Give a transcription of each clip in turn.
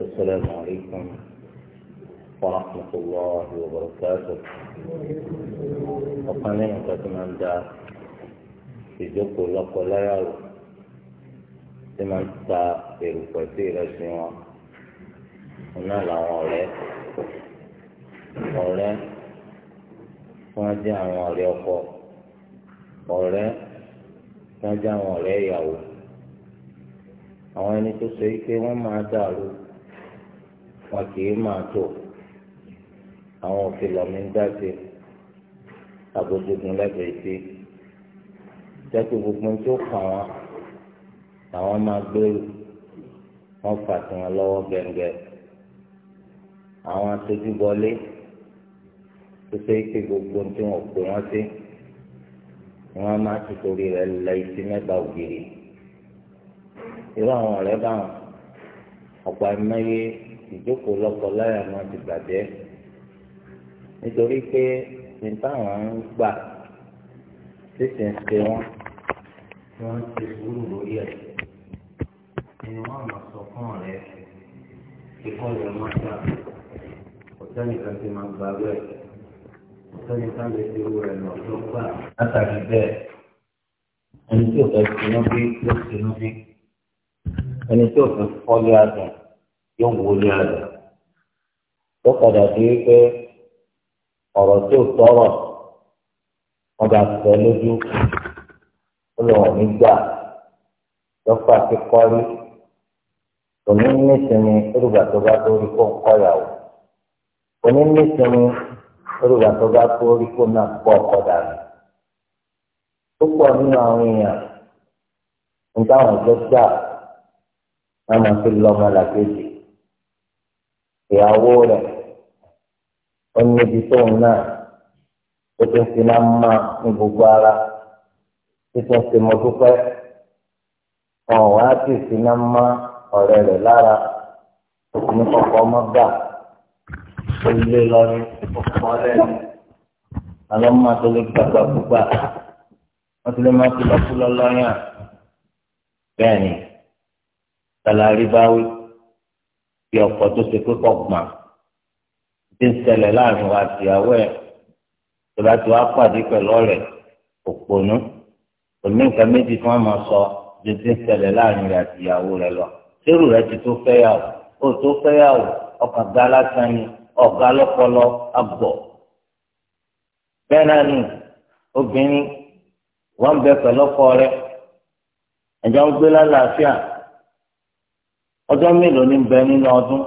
السلام عليكم ورحمة الله وبركاته وقال لكم أن ìjókòó lọ́kọ-láyàwó tí máa ń ta èròpọ̀ sí ìrẹsì wọn náà làwọn ọ̀rẹ́ ọ̀rẹ́ wọn jẹ́ àwọn ọ̀rẹ́ ọkọ ọ̀rẹ́ wọn jẹ́ àwọn ọ̀rẹ́ ìyàwó àwọn ẹni tó ṣe pé wọ́n máa dàrú wọn kì í máa tó àwọn òfin lọ́mí ń dá sí àbójútó lẹ́bẹ̀ẹ́ sí jẹ́kí gbogbo tó kàn wọ́n làwọn máa gbèrú wọ́n fà sí wọn lọ́wọ́ gẹ̀ǹgẹ̀ àwọn atójúbọlé tó ṣe é pé gbogbo tí wọn pè wọ́n sí wọ́n máa ti torí rẹ̀ lẹ isi mẹ́ta ògiri irú àwọn ọ̀rẹ́ báwọn ọ̀pọ̀ ẹ̀mẹ́yẹ ìjókòó lọ́kọ láya máa ti bàjẹ́ nítorí pé ní táwọn ń gbà tẹsẹ̀ ń pè wọ́n wọ́n ti sùúrù lórí ẹ̀ ẹni wọ́n mọ̀ sọ fún ọ̀rẹ́ kíkọ́ rẹ̀ máa gbà ọ̀sẹ́ni kan ti máa gbà rẹ̀ ọ̀sẹ́ni kan lè fi owó rẹ̀ lọ tó gbà látàrí bẹ́ẹ̀ ẹni tí ò fẹ́ sinú bí ló sinú bí ẹni tí ò fẹ́ fọ́lé adùn yóò wò ní àná tó padà sí wípé ọ̀rọ̀ tó tọrọ wọn bá sọ lójú ó lọ wọn nígbà lọ́pàá ti kọ́rí òní nísìnyí olùgbà tó bá lórí kó ń kọ́yàwó òní nísìnyí olùgbà tó bá lórí kó náà pọ̀ ọkọ̀ dànù púpọ̀ nínú àwọn èèyàn ń táwọn tó gbà wọn máa fi lọ́mọ làkejì ìyàwó rẹ̀ ó níbi tóun náà ó ti ń fi máa ń mọ ní gbogbo ara títún ṣe mo dúpẹ́ wọn ò wá sì fi máa ń mọ ọ̀rẹ́ rẹ̀ lára ní kọ̀kọ́ ọmọ gbà ó lé lọ ní kọ̀kọ́ rẹ̀ ní àlọ́ máa tó lè gbàgbà gbogbo wọ́n ti lè máa fi lọ́kú lọ́lọ́yàn bẹ́ẹ̀ ni tàlàrí báwí bí ọkọ tó ṣe pé kọgbà ti ń ṣẹlẹ̀ láàrin wa àtìyàwó ẹ̀ tó bá ti wá pàdé pẹ̀lú ọ̀rẹ́ òpònú òní nǹkan méjì tí wọ́n máa sọ ju ti ń ṣẹlẹ̀ láàrin rẹ̀ àtìyàwó rẹ̀ lọ sérù rẹ̀ ti tó fẹ́yàwó ó tó fẹ́yàwó ọkà ga lásán ni ọ̀gá lọ́pọlọ àgbọ̀ bẹ́ẹ̀ náà ni obìnrin wọ́n ń bẹ pẹ̀lú ọkọ rẹ̀ ẹ̀jọ̀ ń gbé lálàáfíà ọjọ́ mélòó ní bẹ nínú ọdún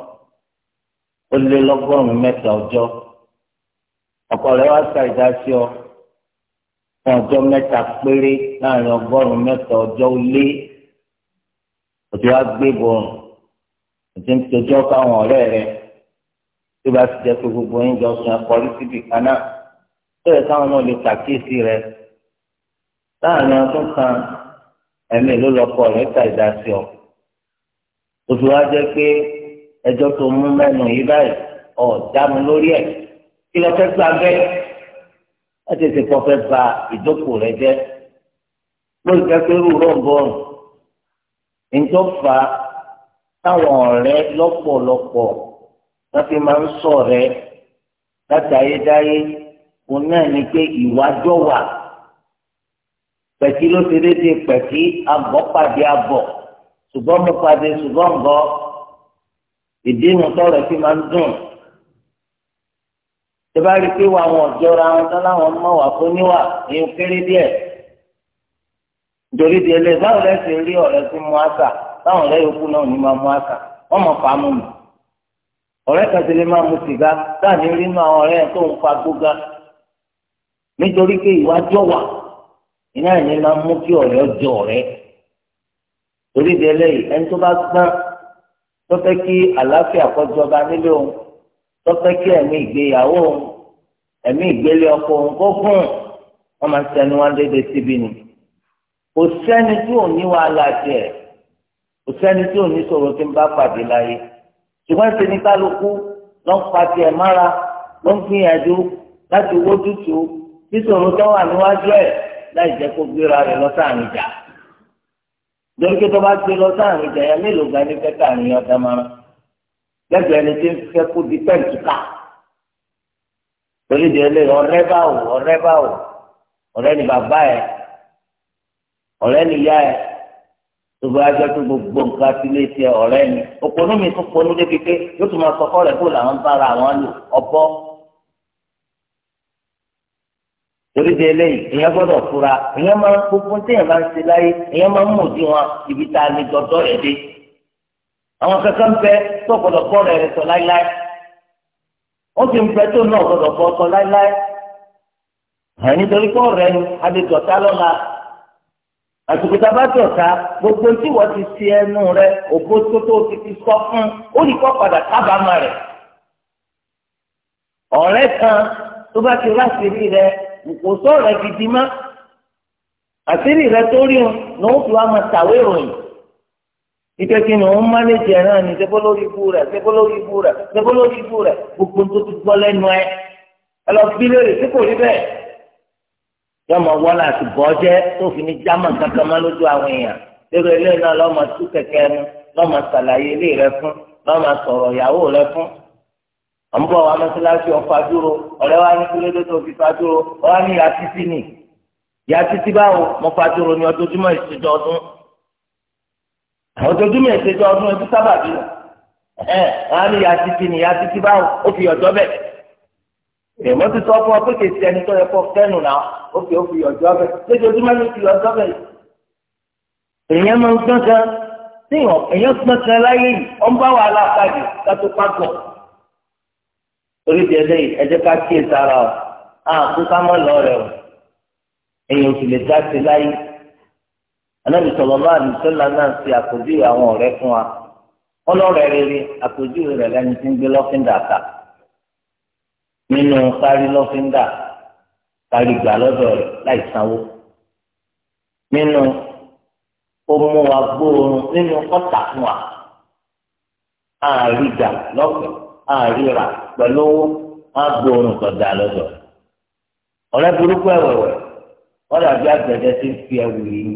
ó lé lọ́gọ́rùn-ún mẹ́ta ọjọ́ ọkọ rẹ wá sa ìdásí ọ fún ọjọ́ mẹ́ta péré láàrin ọgọ́rùn-ún mẹ́ta ọjọ́ ó lé òtí wá gbé bọ̀rùn òtí ń tọjọ́ káwọn ọ̀rẹ́ rẹ tó bá ti jẹ́ pé gbogbo yín jọ sun ẹ̀kọ́ rí síbi kan náà tó yẹ káwọn náà lè pàkíyèsí rẹ láàrin ọdún kan ẹ̀mí ló lọ́kọ rẹ ta ìdásí ọ oṣù wa jẹ́ pé ẹjọ́ tó mú mẹ́nu yìí báyìí ọ̀ dámu lórí ẹ̀ kí lọ fẹ́ gbà bẹ́ẹ̀ ẹ tètè kọ́ fẹ́ ba ìjókòó rẹ jẹ́ lórí kẹ́kẹ́ rú rọ̀bọ̀n níjọ́ fa táwọn ọ̀rẹ́ lọ́pọ̀lọpọ̀ wọ́n fi máa ń sọ rẹ láti ayédáyé òun náà ni pé ìwájọ́ wà pẹ̀kí ló ti dédé pẹ̀kí abọ́ pàdé abọ́ ṣùgbọ́n mo pàdé ṣùgbọ́n ń bọ́ ìdí inú tọrọ fi máa ń dùn tó bá rí i pé wà wọn ọ̀jọ́ra wọn tán láwọn mọ̀ wà fún níwà ní kéré díẹ̀ nítorí díẹ̀ lé báwo lẹ́ ṣe rí ọ̀rẹ́ tí mú àṣà báwọn ọ̀rẹ́ yòókù náà ní máa mú àṣà wọ́n mọ̀ fà á mú mi ọ̀rẹ́ kan ti lè máa mu sìgá láàní rí inú àwọn ọ̀rẹ́ tó ń fa gbóga nítorí pé ìwájọ́ wà iná ìní máa mú kí ọ̀rẹ́ jọ ọ̀rẹ́ torí di eléyìí ẹni tó bá gbọ́n tó fẹ́ kí àlàáfíà kọjọba nílé òun tó fẹ́ kí ẹ̀mí ìgbéyàwó òun ẹ̀mí ìgbélé ọkọ òun kó fún wọn máa sẹnu wọn déédéé síbi ni kò sẹ́ni tí ò ní wàhálà tiẹ̀ kò sẹ́ni tí ò ní sọ̀rọ̀ tí ń bá pàdé láyé ṣùgbọ́n ṣe ní kálukú ló ń pa tiẹ̀ mára ló ń gbìyànjú láti wójútu tí sọ̀rọ̀ tó wà níwájú ẹ̀ láì jẹ́ kó gbéra rẹ̀ lọ sáàrin dọ́kítà tó bá gbé lọ sáàrin jẹ̀yà mélòó ga ní fẹ́ káàrin ọ̀dà mara lẹ́gbẹ̀ẹ́ ẹni tí ń fẹ́ kó di pẹ́ǹtù ká torí délé ọ̀rẹ́ bá wò ọ̀rẹ́ bá wò ọ̀rẹ́ ni bàbá ẹ̀ ọ̀rẹ́ ni ìyá ẹ̀ gbogbo ajọ tó gbogbo nǹkan ti lé tiẹ̀ ọ̀rẹ́ ni òpònú mi tún ponú dé kéke yóò tún máa sọ fọ́ọ̀rẹ́ kó làwọn bára àwọn lò ọ̀bọ torí de eléyìí èèyàn gbọdọ fura èèyàn máa ń téèyàn ń láyé èèyàn máa mú òdi wọn ibi tá a lè dọdọ rẹ dé àwọn kankan bẹ tó gbọ́dọ̀ kọ rẹ rẹ sọ láíláí ó ń tó náà gbọ́dọ̀ kọ sọ láíláí kọ rẹ ni gbogbo tí ti rẹ òbó tó tó sọ fún ó padà kábàámà rẹ kan tó bá ti rásìrí rẹ. kò sọ̀rọ̀ gidi má àṣírí rẹ tó rí wọn ni wọn fi wá máa tàwé ìròyìn ike kí ni wọn mánéjì ẹ náà ni sẹpọ lórí ibú rẹ sẹpọ lórí ibú rẹ sẹpọ lórí ibú rẹ gbogbo tó ti gbọ́ lẹ́nu ẹ ẹ lọ bí léèrè tí kò rí bẹ́ẹ̀ yọọ máa wọlé àti bọjẹ tó fi ní jámà kankan má lójú àwọn èèyàn lérò eléyìí náà lọọ máa tú kẹ̀kẹ́ ẹnu lọọ máa ṣàlàyé ilé rẹ fún lọọ máa sọ̀rọ̀ ìyàwó rẹ fún àmúbọ̀ wa mọ́sálásí ọ̀fà dúró ọ̀rẹ́ wa ní kílódé tó fi fa dúró ọ̀rẹ́ ní ìyá títí nì ìyá títí báwo mo fa dúró ní ọdọọdúnmọ̀ ìṣèjọ ọdún ọdọọdúnmọ̀ ìṣèjọ ọdún ẹbí sábà bí ọ̀rẹ́ ní ìyá títí nì ìyá títí báwo ó fi ọjọ́ bẹ̀ èèmọ́ ti sọ fún ọ pé kèsì ẹni tó yẹ kó fẹ́nu náà ó fi ó fi ọjọ́ bẹ̀ lójoojúmọ́ fi ọjọ́ bẹ̀ èèyàn máa ń gbọ́n kan èèyàn gbọ́n kan láyé yìí ọ torí ti ẹjẹ yìí ẹjẹ ká kíyè sára o àkú ká má lọ rẹ o èèyàn sì lè dá sí láyé anábì sọlọ máa ní sọlá náà ṣe àpèjúwe àwọn ọ̀rẹ́ fún wa ọlọ́rẹ́ rere àpèjúwe rẹ lẹni tí ń gbé lọ́fíńdà ká nínú kárí lọ́fíńdà kárí gbà lọ́dọ̀ rẹ láì sanwó nínú ó wa gbóòórùn nínú kọta fún wa àárí gbà lọ́fẹ̀ẹ́. àríra pẹ̀lú owó wọn gbé oorun lọ́dọ̀ ọ̀rẹ́ burúkú ẹ̀wẹ̀wẹ̀ wọ́n dàbí àgbẹ̀dẹ tí ń fi ẹ̀wù yìí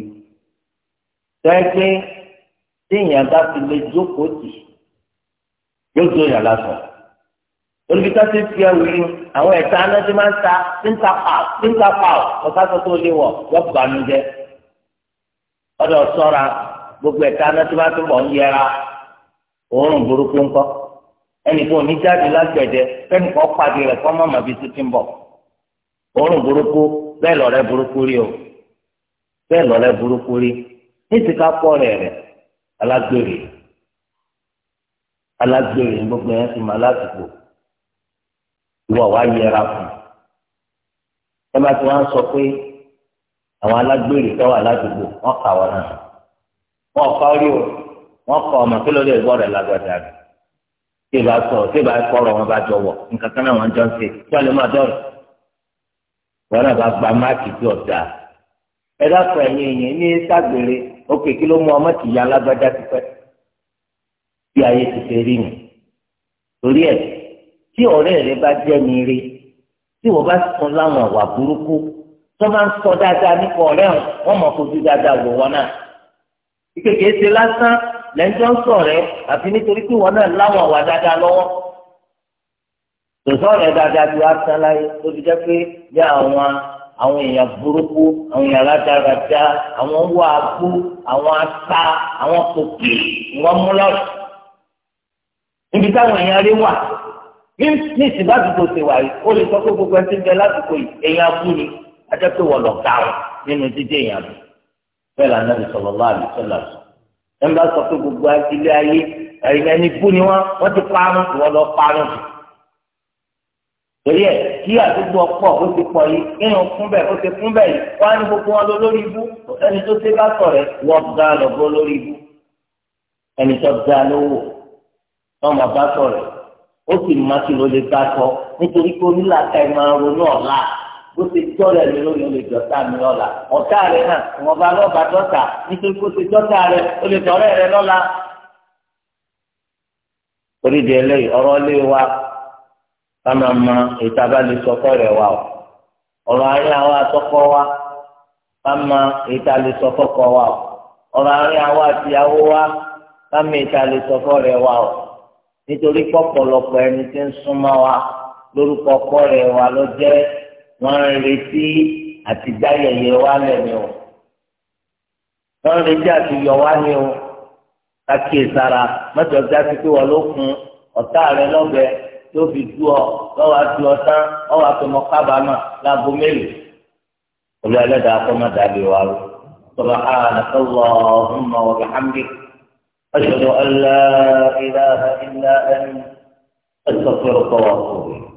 tẹ́ẹ̀kì tí èèyàn bá fi lè jókòó tì yóò tó yàn lásán olùbíkà ti fi ẹ̀wù yìí àwọn ẹ̀ta máa ń ta pa pa tó tó lé wọ̀ gbogbo ẹ̀ta máa ń tó bọ̀ ń yẹra òórùn burúkú ńkọ́. ẹnìkan ò ní jáde lágbẹ̀dẹ kẹ́nìkan pàdé rẹ̀ bụ mọ́mọ́ bíi títí bọ̀ òórùn burúkú bẹ́ẹ̀ lọ́rẹ́ burúkú rí o bẹ́ẹ̀ lọ́rẹ́ burúkú rí ní ti pọ̀ rẹ̀ rẹ̀ alágbèrè alágbèrè wa yẹra fún ẹ ti wọn sọ pé àwọn alágbèrè tó wà ládùúgbò wọn kà wọn náà wọn kọ rí o wọn kọ ọmọ kí ló dé tí ì bá sọ tí ì bá kọrọ wọn bá jọ wọ nǹkan kan náà wọn jọ ń ṣe tí wọn lè má dọrọ wọn náà bá gba máàkì tí ọjà ẹ dákun ẹ̀yin èèyàn ní ságbèrè òkè kí ló mú ọmọ tì ya alágbájá ti pẹ́ bí ayé ti ṣe rí yẹn torí ẹ tí ọ̀rẹ́ rẹ bá jẹ ní rí tí wọn bá sọ láwọn àwà burúkú tó máa ń sọ dáadáa nípa ọ̀rẹ́ wọn mọ kojú dáadáa wò wọn náà ìkékèé ṣe lásán lẹ́jọ́ ń sọ̀rẹ́ àfi nítorí pé wọn náà láwọn wà dáadáa lọ́wọ́ tòsọ̀rẹ́ dáadáa ti wá tán láyé tó fi jẹ́ pé bí àwọn àwọn èèyàn burúkú àwọn èèyàn rádaràdá àwọn wọ agbó àwọn ata àwọn kòkè wọn mú lọ́rùn níbi táwọn èèyàn rí wà ní ìsìnbá àdúgbò ṣe wà yìí ó lè sọ pé gbogbo ẹtí ń bẹ lásìkò yìí èèyàn abú ni ajẹ́ pé wọ́n dáhùn nínú jíjẹ́ èèyàn bẹ́ẹ̀ lànà ìsọ̀rọ̀ lọ́wọ́ àdìsọ́lá sọ ẹn bá sọ pé gbogbo ilé ayé ẹni bú ni wọn wọn ti parun tí wọn lọ parun jù torí ẹ kí àdúgbò ọ̀pọ̀ ó ti pọ̀ yìí kéèyàn kún bẹ́ẹ̀ ó ti kún bẹ́ẹ̀ yìí wọn á ní gbogbo wọn lọ lórí ibú ẹni tó ṣe bá sọ rẹ wọn gbá lọgbọ lórí ibú ẹni tó gbá lówó wọn máa bá sọ rẹ ó sì má sí ló lè gbá sọ nítorí pé onílàkà ẹ máa ronú ọ̀la bó ti tọ́lẹ̀ mi lórí olè dọ́tà mi lọ́la ọ̀tá rẹ̀ náà ìwọ̀n bá lọ́ba dọ́tà nítorí bó ti dọ́tà rẹ̀ olè tọ́lẹ̀ rẹ̀ lọ́la. orídìí eléyìí ọ̀rọ̀ lé wa ká máa ma ìtaba lè sọ́kọ́ rẹ̀ wa o ọ̀rọ̀ àárín àwa àtọ́kọ́ wa ká máa ìta lè sọ́kọ́ kọ́ wa o ọ̀rọ̀ àárín àwa àtìyàwó wa ká máa ìta lè sọ́kọ́ rẹ̀ wa o nítorí pọ̀pọ̀lọpọ̀ ẹni tí ń súnmọ́ wa lórúkọ kọ́ rẹ̀ wa ló jẹ́ wọ́n ń retí àtidáyẹyẹ wa lẹ́nu o wọ́n ń retí àtiyọ̀ wa ní o kákìí sára mọ́tò ọ̀gá ti pé wọ́n ló kun ọ̀tá rẹ lọ́bẹ tó fi du ọ lọ́wọ́ àti ọ̀tán ọ̀wọ́ àtọmọ kábàámà láago mélòó olú ẹlẹ́dàá kọ́ má dàbí wa o سبحانك اللهم وبحمدك أشهد أن لا إله إلا أنت أستغفرك وأتوب إليك